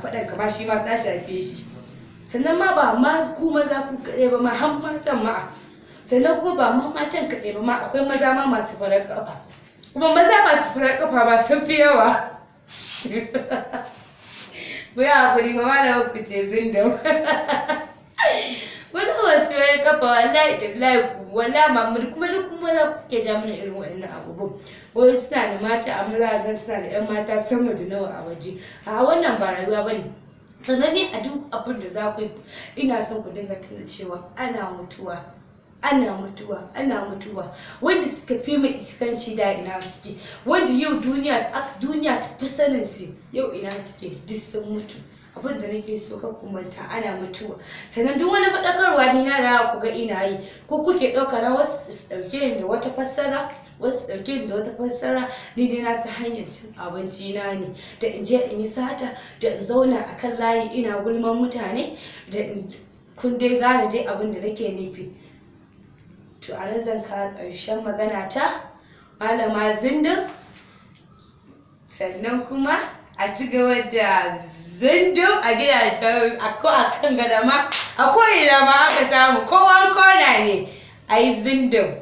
faɗan ka ba shi ma ta shafe shi sannan ma ba ma ku maza ku kaɗai ba ma har matan ma sannan kuma ba ma matan kaɗai ba ma akwai maza ma masu farar ƙafa kuma maza masu farar ƙafa ba sun fi yawa ku yi haƙuri ba ma da ce zindau ba wallahi tallahi ku wallahi mamuri kuma duk kuma za ku ke ja mana irin wa'annan abubuwan Wani suna da mata a za a ga suna da yan mata sama da nawa a waje a wannan ba rayuwa bane sannan ne a duk abin da za ku yi ina son ku dinga tuna cewa ana mutuwa ana mutuwa ana mutuwa wanda suka fi mai iskanci da ina suke wanda yau duniya duniya ta fi sanin su yau ina suke duk sun mutu abin da nake so ka kumanta ana mutuwa sannan duk wani faɗakarwa ni yara ku ga ina yi ko kuke ɗauka na wasu su ni da wata fassara wasu ɗauke ni da wata fassara ni dai na su hanyar cin abinci na ne da in je in yi sata da in zauna a kan layi ina gulman mutane da in kun dai gane dai abin da nake nufi to a nan zan kawo ƙarshen magana ta malama zindin sannan kuma a ci gaba da zindin a gidajen a kan gada ma a ko'ina ma aka samu kowan kona ne a yi zindin